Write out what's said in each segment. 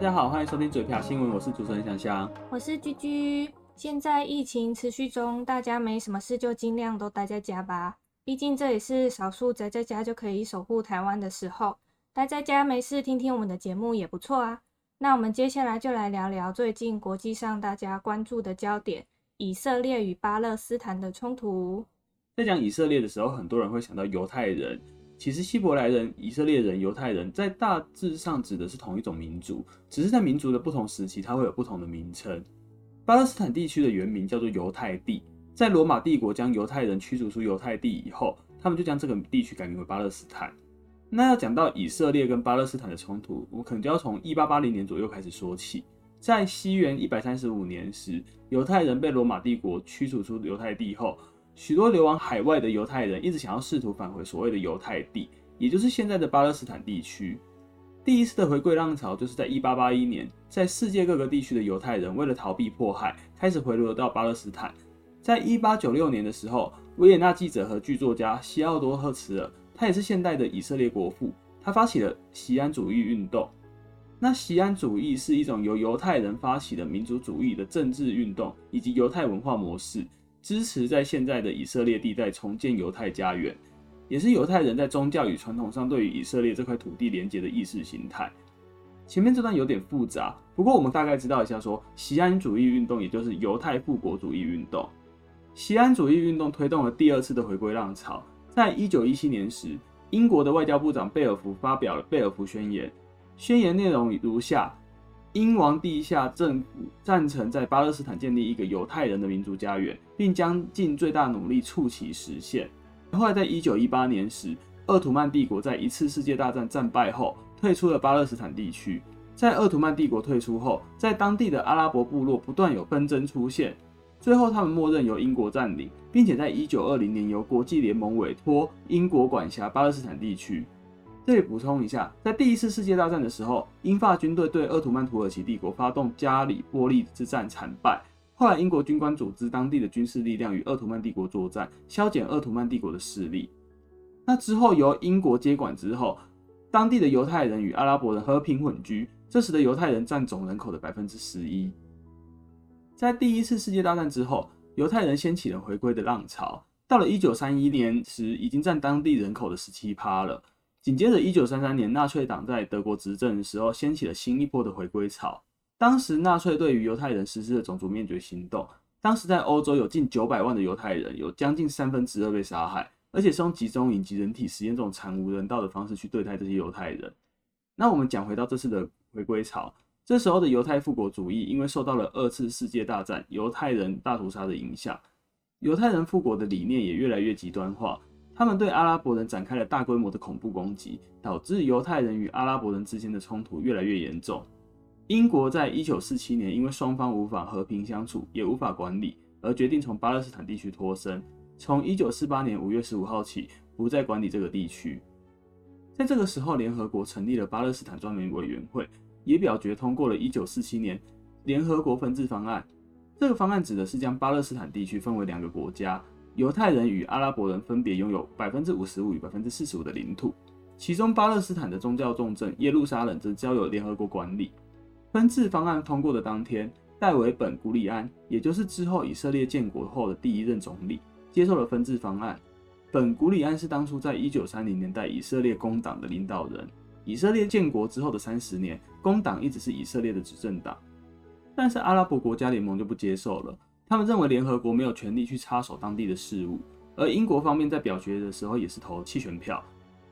大家好，歡迎收聽嘴瓢新聞，我是主持人香香，我是居居。現在疫情持續中，大家沒什麼事就儘量都待在家吧，畢竟這也是少數宅在，在家就可以守護台灣的時候。待在家沒事，聽聽我們的節目也不錯啊。那我們接下來就來聊聊最近國際上大家關注的焦點——以色列與巴勒斯坦的衝突。在講以色列的時候，很多人會想到猶太人。其實，希伯來人、以色列人、猶太人在大致上指的是同一種民族，只是在民族的不同時期，它會有不同的名稱。巴勒斯坦地區的原名叫做猶太地，在羅馬帝國將猶太人驅逐出猶太地以後，他們就將這個地區改名為巴勒斯坦。那要講到以色列跟巴勒斯坦的衝突，我們可能就要從一八八零年左右開始說起。在西元一百三十五年時，猶太人被羅馬帝國驅逐出猶太地後，許多流亡海外的猶太人一直想要試圖返回所謂的猶太地，也就是現在的巴勒斯坦地區。第一次的回歸浪潮就是在1881年，在世界各個地區的猶太人為了逃避迫害，開始回流到巴勒斯坦。在1896年的時候，維也納記者和劇作家西奧多·赫茨爾，他也是現代的以色列國父，他發起了錫安主義運動。那錫安主義是一種由猶太人發起的民族主義的政治運動以及猶太文化模式。支持在現在的以色列地帶重建猶太家園，也是猶太人在宗教與傳統上對於以色列這塊土地連接的意識形態。前面這段有點複雜，不過我們大概知道一下說：說錫安主義運動，也就是猶太復國主義運動。錫安主義運動推動了第二次的回歸浪潮。在一九一七年時，英國的外交部長貝爾福發表了貝爾福宣言，宣言內容如下。英王陛下政府贊成在巴勒斯坦建立一個猶太人的民族家園，並將盡最大努力促其實現。後來，在一九一八年時，鄂圖曼帝國在一次世界大戰戰敗後退出了巴勒斯坦地區。在鄂圖曼帝國退出後，在當地的阿拉伯部落不斷有紛爭出現，最後他們默認由英國占領，並且在一九二零年由國際聯盟委托英國管轄巴勒斯坦地區。這裡補充一下，在第一次世界大戰的時候，英法軍隊對鄂圖曼土耳其帝國發動加里波利之戰慘敗。後來，英國軍官組織當地的軍事力量與鄂圖曼帝國作戰，削減鄂圖曼帝國的勢力。那之後由英國接管之後，當地的猶太人與阿拉伯人和平混居。這時的猶太人占總人口的百分之十一。在第一次世界大戰之後，猶太人掀起了回歸的浪潮。到了一九三一年時，已經占當地人口的十七趴了。緊接着，一九三三年，納粹黨在德國執政的時候，掀起了新一波的回歸潮。當時，納粹對於猶太人實施了種族滅絕行動。當時，在歐洲有近九百萬的猶太人，有將近三分之二被殺害，而且是用集中營及人體實驗這種慘無人道的方式去對待這些猶太人。那我們講回到這次的回歸潮，這時候的猶太復國主義因為受到了二次世界大戰猶太人大屠殺的影響，猶太人復國的理念也越來越極端化。他們對阿拉伯人展開了大規模的恐怖攻擊，導致猶太人與阿拉伯人之間的衝突越來越嚴重。英國在一九四七年因為雙方無法和平相處，也無法管理，而決定從巴勒斯坦地區脫身，從一九四八年五月十五號起不再管理這個地區。在這個時候，聯合國成立了巴勒斯坦專門委員會，也表決通過了《一九四七年聯合國分治方案》。這個方案指的是將巴勒斯坦地區分為兩個國家。猶太人與阿拉伯人分別擁有百分之五十五與百分之四十五的領土，其中巴勒斯坦的宗教重鎮耶路撒冷則交由聯合國管理。分治方案通過的當天，戴維·本·古里安，也就是之後以色列建國後的第一任總理，接受了分治方案。本·古里安是當初在一九三零年代以色列工黨的領導人。以色列建國之後的三十年，工黨一直是以色列的執政黨，但是阿拉伯國家聯盟就不接受了。他們認為聯合國沒有權利去插手當地的事務，而英國方面在表決的時候也是投棄權票。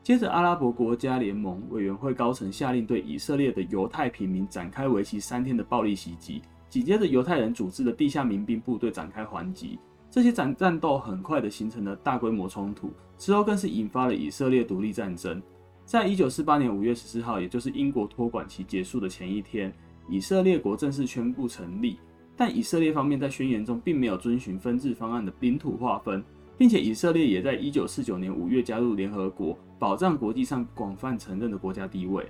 接着，阿拉伯國家聯盟委員會高層下令對以色列的猶太平民展開為期三天的暴力襲擊，緊接着猶太人組織的地下民兵部隊展開還擊，這些戰戰鬥很快的形成了大規模衝突，之後更是引發了以色列獨立戰爭。在一九四八年五月十四號，也就是英國託管期結束的前一天，以色列國正式宣布成立。但以色列方面在宣言中並沒有遵循分治方案的領土劃分，並且以色列也在一九四九年五月加入聯合國，保障國際上廣泛承認的國家地位。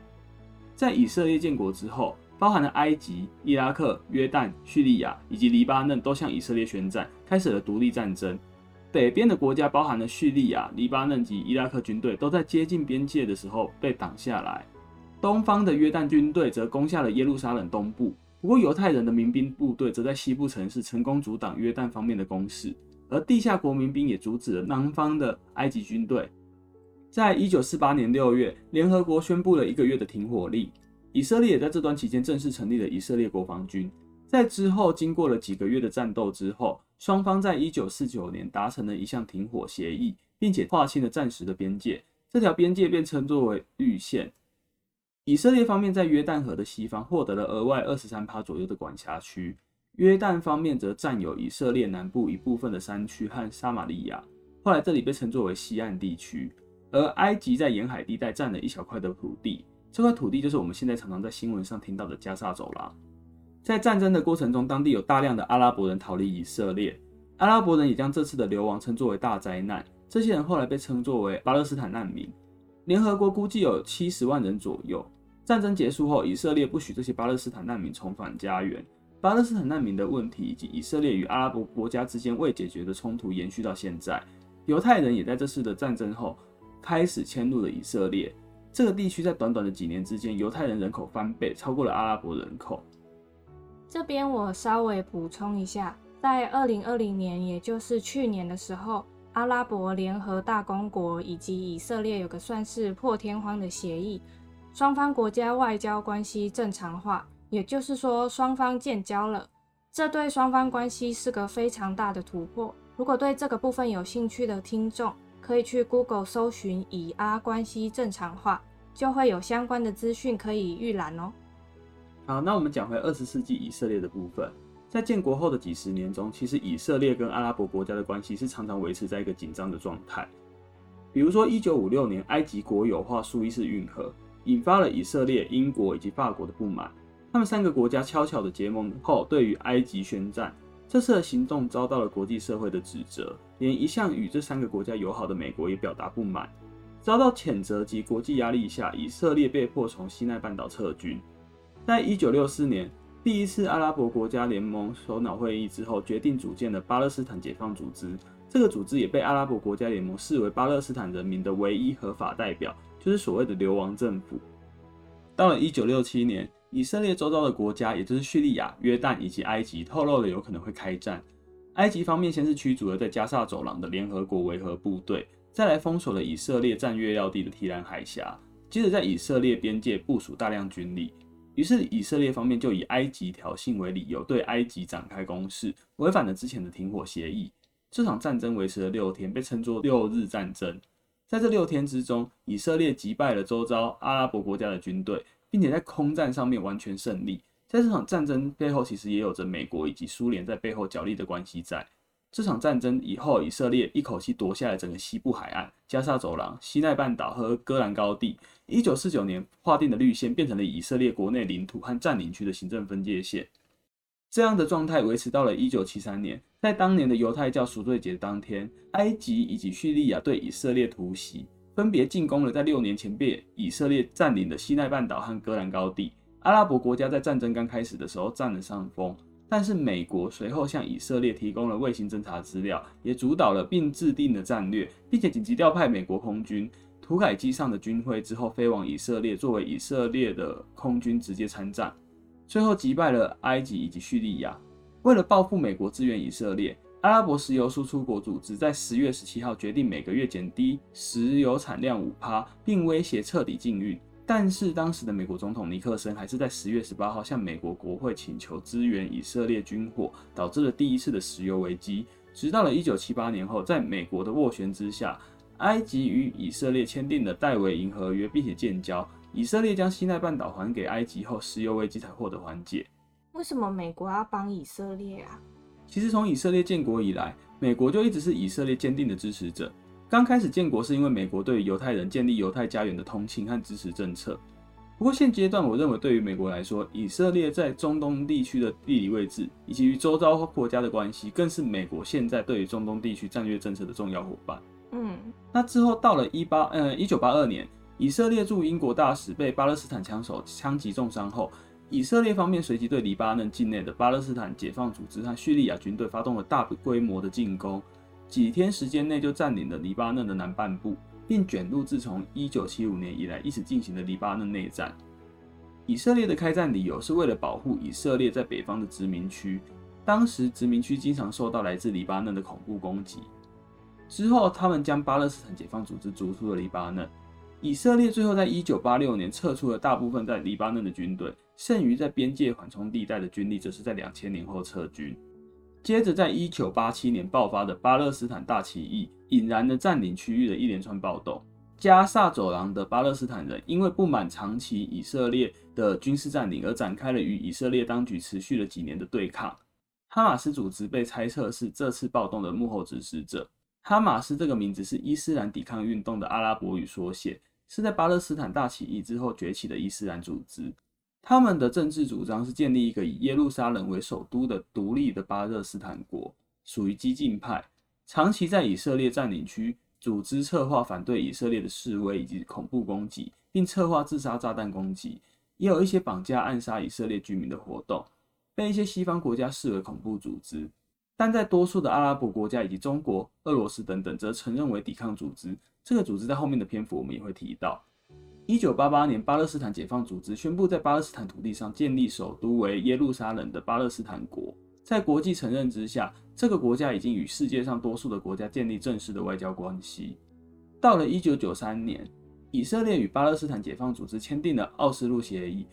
在以色列建國之後，包含了埃及、伊拉克、約旦、敘利亞以及黎巴嫩都向以色列宣戰，開始了獨立戰爭。北邊的國家包含了敘利亞、黎巴嫩及伊拉克軍隊都在接近邊界的時候被擋下來，東方的約旦軍隊則攻下了耶路撒冷東部。不過，猶太人的民兵部隊則在西部城市成功阻擋約旦方面的攻勢，而地下國民兵也阻止了南方的埃及軍隊。在一九四八年六月，聯合國宣布了一個月的停火令。以色列也在這段期間正式成立了以色列國防軍。在之後經過了幾個月的戰鬥之後，雙方在一九四九年達成了一項停火協議，並且劃清了暫時的邊界。這條邊界便稱作為綠線。以色列方面在約旦河的西方獲得了額外二十三趴左右的管轄區，約旦方面則佔有以色列南部一部分的山區和撒瑪利亞。後來這裡被稱作為西岸地區，而埃及在沿海地帶佔了一小塊的土地，這塊土地就是我們現在常常在新聞上聽到的加沙走廊。在戰爭的過程中，當地有大量的阿拉伯人逃離以色列，阿拉伯人也將這次的流亡稱作為大災難。這些人後來被稱作為巴勒斯坦難民。聯合國估計有七十萬人左右。戰爭結束後，以色列不許這些巴勒斯坦難民重返家園。巴勒斯坦難民的問題以及以色列與阿拉伯國家之間未解決的衝突延續到現在。猶太人也在這次的戰爭後開始遷入了以色列。這個地區在短短的幾年之間，猶太人人口翻倍，超過了阿拉伯人口。這邊我稍微補充一下，在二零二零年，也就是去年的時候，阿拉伯聯合大公國以及以色列有個算是破天荒的協議。雙方國家外交關係正常化，也就是說雙方建交了，這對雙方關係是個非常大的突破。如果對這個部分有興趣的聽眾，可以去 Google 搜尋以阿關係正常化，就會有相關的資訊可以預覽哦。好，那我們講回二十世紀以色列的部分，在建國後的幾十年中，其實以色列跟阿拉伯國家的關係是常常維持在一個緊張的狀態。比如說一九五六年，埃及國有化蘇伊士運河。引發了以色列、英國以及法國的不滿，他們三個國家悄悄的結盟後，對於埃及宣戰。這次的行動遭到了國際社會的指責，連一向與這三個國家友好的美國也表達不滿。遭到譴責及國際壓力下，以色列被迫從西奈半島撤軍。在一九六四年第一次阿拉伯國家聯盟首腦會議之後，決定組建了巴勒斯坦解放組織。這個組織也被阿拉伯國家聯盟視為巴勒斯坦人民的唯一合法代表。就是所謂的流亡政府。到了一九六七年，以色列周遭的國家，也就是敘利亞、約旦以及埃及，透露了有可能會開戰。埃及方面先是驅逐了在加沙走廊的聯合國維和部隊，再來封鎖了以色列戰略要地的提蘭海峽，接着在以色列邊界部署大量軍力。於是以色列方面就以埃及挑釁為理由，對埃及展開攻勢，違反了之前的停火協議。這場戰爭維持了六天被，被稱作六日戰爭。在這六天之中，以色列擊敗了周遭阿拉伯國家的軍隊，並且在空戰上面完全勝利。在這場戰爭背後，其實也有着美國以及蘇聯在背後角力的關係在。在這場戰爭以後，以色列一口氣奪下了整個西部海岸、加沙走廊、西奈半島和戈蘭高地。一九四九年劃定的綠線變成了以色列國內領土和佔領區的行政分界線。這樣的狀態維持到了一九七三年，在當年的猶太教贖罪節當天，埃及以及敘利亞對以色列突襲，分別進攻了在六年前被以色列佔領的西奈半島和戈蘭高地。阿拉伯國家在戰爭剛開始的時候佔了上風，但是美國隨後向以色列提供了衛星偵察資料，也主導了並制定了戰略，並且緊急調派美國空軍塗改機上的軍徽之後飛往以色列，作為以色列的空軍直接參戰。最後擊敗了埃及以及敘利亞。為了報復美國支援以色列，阿拉伯石油輸出國組織在十月十七號決定每個月減低石油產量五趴，並威脅徹底禁運。但是當時的美國總統尼克森還是在十月十八號向美國國會請求支援以色列軍火，導致了第一次的石油危機。直到了1978年後，在美國的斡旋之下，埃及與以色列簽訂了戴維營合約，並且建交。以色列將西奈半島還給埃及後，石油危機才獲得緩解。為什麼美國要幫以色列啊？其實從以色列建國以來，美國就一直是以色列堅定的支持者。剛開始建國是因為美國對於猶太人建立猶太家園的同情和支持政策。不過現階段，我認為對於美國來說，以色列在中東地區的地理位置以及與周遭或國家的關係，更是美國現在對於中東地區戰略政策的重要夥伴。嗯，那之後到了一八呃一九八二年。以色列駐英國大使被巴勒斯坦槍手槍擊重傷後，以色列方面隨即對黎巴嫩境內的巴勒斯坦解放組織和敘利亞軍隊發動了大規模的進攻。幾天時間內就占領了黎巴嫩的南半部，並捲入自從1975年以來一直進行的黎巴嫩內戰。以色列的開戰理由是為了保護以色列在北方的殖民區，當時殖民區經常受到來自黎巴嫩的恐怖攻擊。之後，他們將巴勒斯坦解放組織逐出了黎巴嫩。以色列最後在1986年撤出了大部分在黎巴嫩的軍隊，剩餘在邊界緩衝地帶的軍力，則是在2000年後撤軍。接着，在1987年爆發的巴勒斯坦大起義，引燃了占領區域的一連串暴動。加薩走廊的巴勒斯坦人因為不滿長期以色列的軍事占領，而展開了與以色列當局持續了幾年的對抗。哈馬斯組織被猜測是這次暴動的幕後指使者。哈馬斯這個名字是伊斯蘭抵抗運動的阿拉伯語縮寫。是在巴勒斯坦大起義之後崛起的伊斯蘭組織，他們的政治主張是建立一個以耶路撒冷為首都的獨立的巴勒斯坦國，屬於激進派，長期在以色列占領區組織策劃反對以色列的示威以及恐怖攻擊，並策劃自殺炸彈攻擊，也有一些綁架暗殺以色列居民的活動，被一些西方國家視為恐怖組織，但在多數的阿拉伯國家以及中國、俄羅斯等等，則承認為抵抗組織。這個組織在後面的篇幅我們也會提到。一九八八年，巴勒斯坦解放組織宣布在巴勒斯坦土地上建立首都為耶路撒冷的巴勒斯坦國，在國際承認之下，這個國家已經與世界上多數的國家建立正式的外交關係。到了一九九三年，以色列與巴勒斯坦解放組織簽訂了《奧斯陸協議》，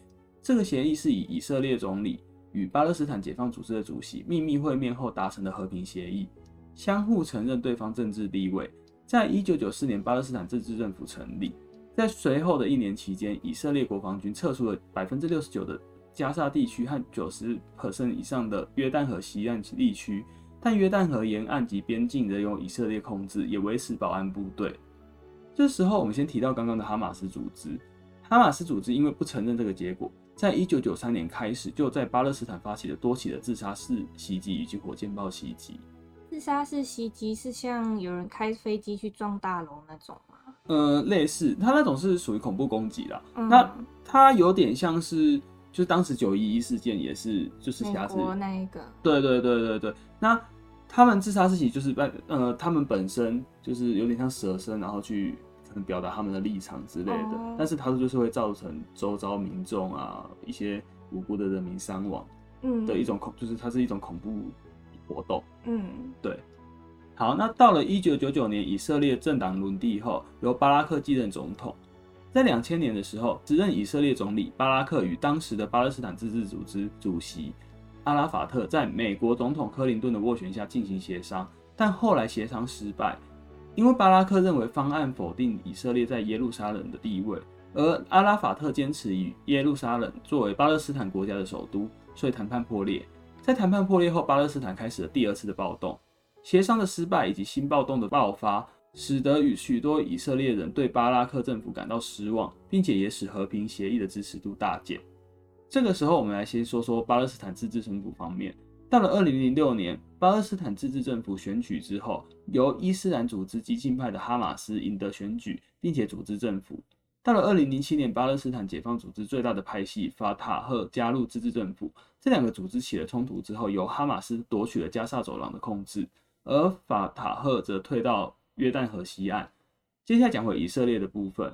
這個協議是以以色列總理與巴勒斯坦解放組織的主席秘密會面後達成的和平協議，相互承認對方政治地位。在一九九四年，巴勒斯坦自治政府成立。在隨後的一年期間，以色列國防軍撤出了百分之六十九的加沙地區和九十%以上的約旦河西岸地區，但約旦河沿岸及邊境仍由以色列控制，也維持保安部隊。這時候，我們先提到剛剛的哈馬斯組織。哈馬斯組織因為不承認這個結果，在一九九三年開始就在巴勒斯坦發起了多起的自殺式襲擊以及火箭炮襲擊。自殺式襲擊是像有人開飛機去撞大樓那種嗎？嗯、呃，類似，他那種是屬於恐怖攻擊的。那他、嗯、有點像是，就是當時九一一事件也是，就是美國那一個。對對對對對。那他們自殺式襲就是本呃，他們本身就是有點像蛇身，然後去表達他們的立場之類的。嗯、但是他說就是會造成周遭民眾啊一些無辜的人民傷亡，嗯的一種恐，嗯、就是它是一種恐怖活動，嗯，對，好，那到了一九九九年，以色列政黨輪替後，由巴拉克繼任總統。在兩千年的時候，時任以色列總理巴拉克與當時的巴勒斯坦自治組織主席阿拉法特，在美國總統克林頓的斡旋下進行協商，但後來協商失敗，因為巴拉克認為方案否定以色列在耶路撒冷的地位，而阿拉法特堅持以耶路撒冷作為巴勒斯坦國家的首都，所以談判破裂。在談判破裂後，巴勒斯坦開始了第二次的暴動。協商的失敗以及新暴動的爆發，使得與許多以色列人對巴拉克政府感到失望，並且也使和平協議的支持度大減。這個時候，我們來先說說巴勒斯坦自治政府方面。到了二零零六年，巴勒斯坦自治政府選舉之後，由伊斯蘭組織激進派的哈馬斯贏得選舉，並且組織政府。到了二零零七年，巴勒斯坦解放組織最大的派系法塔赫加入自治政府，這兩個組織起了衝突之後，由哈馬斯奪取了加沙走廊的控制，而法塔赫則退到約旦河西岸。接下來講回以色列的部分，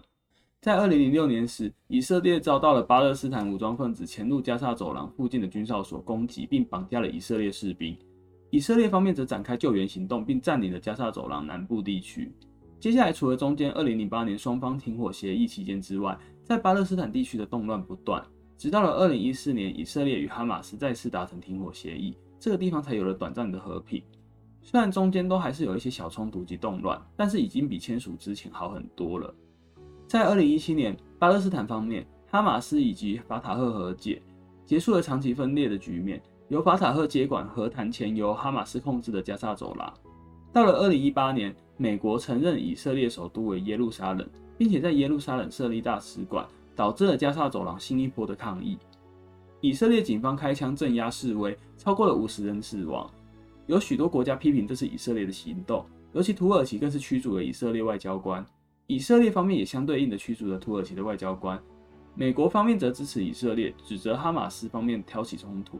在二零零六年時，以色列遭到了巴勒斯坦武裝分子潛入加沙走廊附近的軍哨所攻擊，並綁架了以色列士兵。以色列方面則展開救援行動，並佔領了加沙走廊南部地區。接下來，除了中間2008年雙方停火協議期間之外，在巴勒斯坦地區的動亂不斷，直到了2014年以色列與哈馬斯再次達成停火協議，這個地方才有了短暫的和平。雖然中間都還是有一些小衝突及動亂，但是已經比簽署之前好很多了。在2017年，巴勒斯坦方面哈馬斯以及法塔赫和解，結束了長期分裂的局面，由法塔赫接管和談前由哈馬斯控制的加沙走廊。到了2018年。美國承認以色列首都為耶路撒冷，並且在耶路撒冷設立大使館，導致了加沙走廊新一波的抗議。以色列警方開槍鎮壓示威，超過了五十人死亡。有許多國家批評這是以色列的行動，尤其土耳其更是驅逐了以色列外交官。以色列方面也相對應的驅逐了土耳其的外交官。美國方面則支持以色列，指責哈馬斯方面挑起衝突。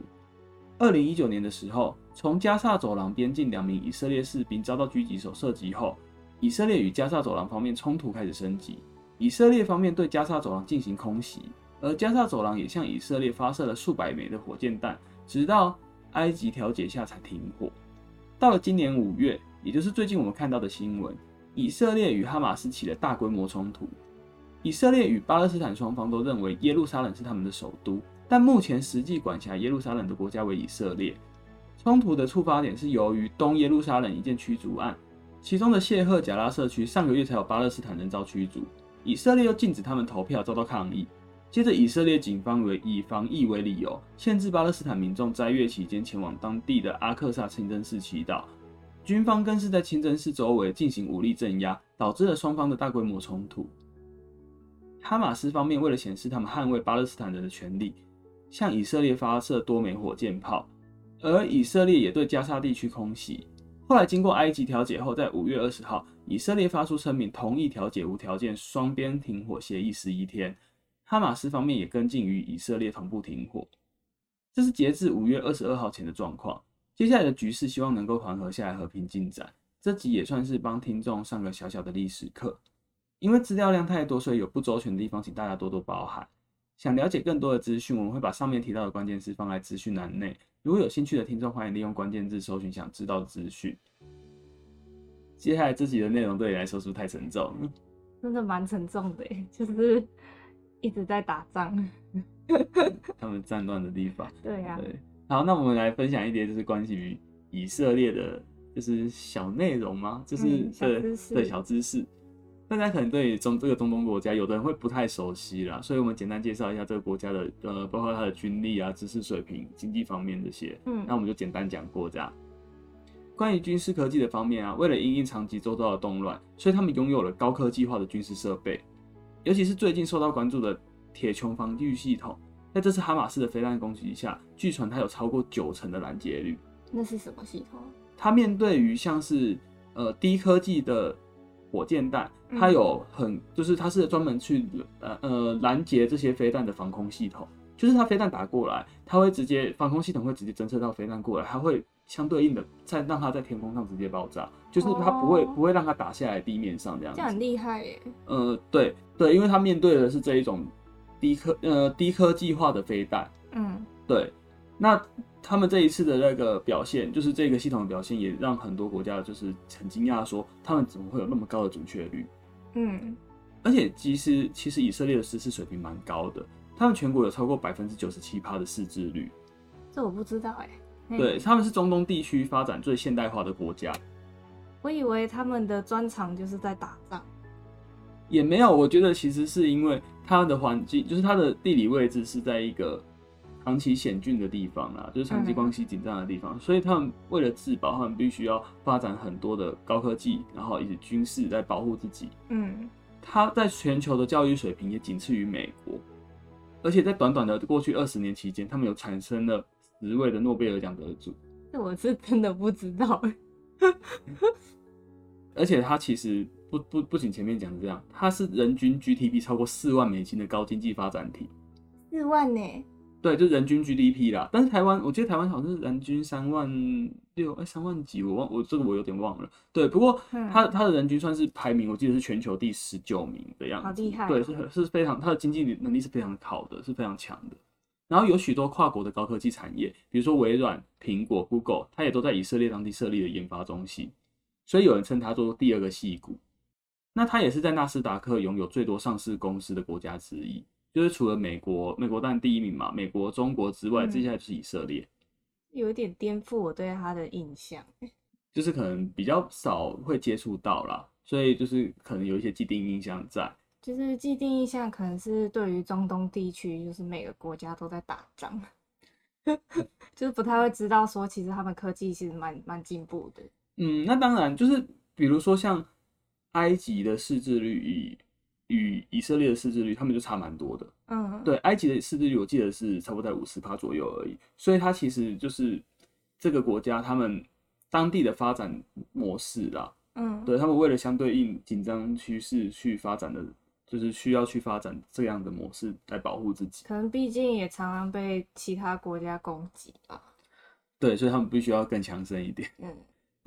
二零一九年的時候，從加薩走廊邊境，兩名以色列士兵遭到狙擊手射擊後，以色列與加薩走廊方面衝突開始升級。以色列方面對加薩走廊進行空襲，而加薩走廊也向以色列發射了數百枚的火箭彈，直到埃及調解下才停火。到了今年五月，也就是最近我們看到的新聞，以色列與哈馬斯起了大規模衝突。以色列與巴勒斯坦雙方都認為耶路撒冷是他們的首都。但目前實際管轄耶路撒冷的國家為以色列。衝突的觸發點是由於東耶路撒冷一件驅逐案，其中的謝赫賈拉社區上個月才有巴勒斯坦人遭驅逐，以色列又禁止他們投票，遭到抗議。接着，以色列警方為以防疫為理由，限制巴勒斯坦民眾齋月期間前往當地的阿克薩清真寺祈禱，軍方更是在清真寺周圍進行武力鎮壓，導致了雙方的大規模衝突。哈馬斯方面為了顯示他們捍衛巴勒斯坦人的權利，向以色列發射多枚火箭炮，而以色列也對加沙地區空襲。後來經過埃及調解後，在五月二十號，以色列發出聲明，同意調解無條件雙邊停火協議十一天。哈馬斯方面也跟進，與以色列同步停火。這是截至五月二十二號前的狀況。接下來的局勢，希望能夠緩和下來，和平進展。這集也算是幫聽眾上個小小的歷史課，因為資料量太多，所以有不周全的地方，請大家多多包涵。想了解更多的資訊，我們會把上面提到的關鍵詞放在資訊欄內。如果有興趣的聽眾，歡迎利用關鍵字搜尋想知道資訊。接下來這集的內容對你來說是不是太沉重？真的蠻沉重的，就是一直在打仗， 他們戰亂的地方。對呀、啊，對。好，那我們來分享一點就是關於以色列的，就是小內容嗎？就是、嗯、小知識，對，對小知識。大家可能對中這個中東國家，有的人會不太熟悉啦，所以我們簡單介紹一下這個國家的，呃，包括它的軍力啊、知識水平、經濟方面這些。嗯，那我們就簡單講國家關於軍事科技的方面啊，為了因應長期周遭的動亂，所以他們擁有了高科技化的軍事設備，尤其是最近受到關注的鐵穹防禦系統，在這次哈馬斯的飛彈攻擊下，據傳它有超過九成的攔截率。那是什麼系統？它面對於像是呃低科技的。火箭彈，它有很，就是它是專門去呃呃攔截這些飛彈的防空系統，就是它飛彈打過來，它會直接防空系統會直接偵測到飛彈過來，它會相對應的在讓它在天空上直接爆炸，就是它不會、哦、不會讓它打下來地面上這樣子，這很厲害耶。呃，對對，因為它面對的是這一種低科呃低科技化的飛彈，嗯，對，那。他們這一次的那個表現，就是這個系統的表現，也讓很多國家就是很驚訝，說他們怎麼會有那麼高的準確率？嗯，而且其實其實以色列的識字水平蠻高的，他們全國有超過百分之九十七趴的識字率。這我不知道哎、欸。對，他們是中東地區發展最現代化的國家。我以為他們的專長就是在打仗。也沒有，我覺得其實是因為他的環境，就是它的地理位置是在一個。長期險峻的地方啦，啊，就是長期關係緊張的地方，嗯，所以他們為了自保，他們必須要發展很多的高科技，然後以及軍事來保護自己。嗯，他在全球的教育水平也僅次於美國，而且在短短的過去二十年期間，他們有產生了十位的諾貝爾獎得主。這是我是真的不知道。 而且他其實不不不僅前面講的這樣，它是人均 GDP 超過四萬美金的高經濟發展體，四萬呢。對，就人均 GDP 啦，但是台灣，我記得台灣好像是人均三萬六，欸，哎，三萬幾，我忘，我這個我有點忘了。對，不過它，嗯、它的人均算是排名，我記得是全球第十九名的樣子。好厲害！對，是是非常，它的經濟能力是非常好的，是非常強的。然後有許多跨國的高科技產業，比如說微軟、蘋果、Google，它也都在以色列當地設立了研發中心。所以有人稱它做第二個矽谷。那它也是在納斯達克擁有最多上市公司的國家之一。就是除了美國，美國當然第一名嘛，美國、中國之外，接下就是以色列，嗯、有一點顛覆我對他的印象。就是可能比較少會接觸到啦，所以就是可能有一些既定印象在。就是既定印象可能是對於中東地區，就是每個國家都在打仗， 就是不太會知道說其實他們科技其實蠻蠻進步的。嗯，那當然就是比如說像埃及的識字率與。與以色列的識字率，他們就差蠻多的。嗯，對，埃及的識字率我記得是差不多在五十八左右而已。所以它其實就是這個國家他們當地的發展模式啦。嗯，對，他們為了相對應緊張趨勢去發展的，就是需要去發展這樣的模式來保護自己。可能畢竟也常常被其他國家攻擊吧。對，所以他們必須要更強盛一點。嗯。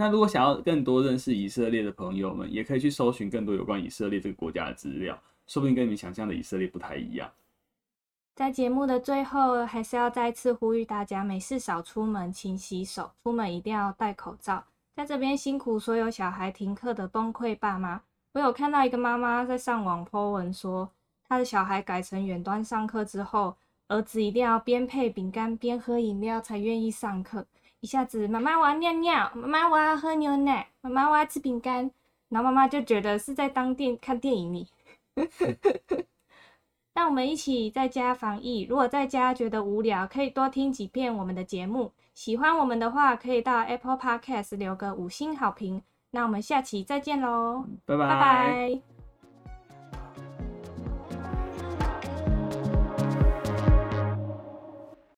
那如果想要更多認識以色列的朋友們，也可以去搜尋更多有關以色列這個國家的資料，說不定跟你們想象的以色列不太一樣。在節目的最後，還是要再次呼籲大家：沒事少出門，勤洗手，出門一定要戴口罩。在這邊辛苦所有小孩停課的崩潰爸媽，我有看到一個媽媽在上網 po 文說，她的小孩改成遠端上課之後，兒子一定要邊配餅乾邊喝飲料才願意上課。一下子，媽媽我要尿尿，媽媽我要喝牛奶，媽媽我要吃餅乾，然後媽媽就覺得是在當電看電影裡。讓 我們一起在家防疫，如果在家覺得無聊，可以多聽幾遍我們的節目。喜歡我們的話，可以到 Apple Podcast 留個五星好評。那我們下期再見嘍，拜拜 bye。Bye bye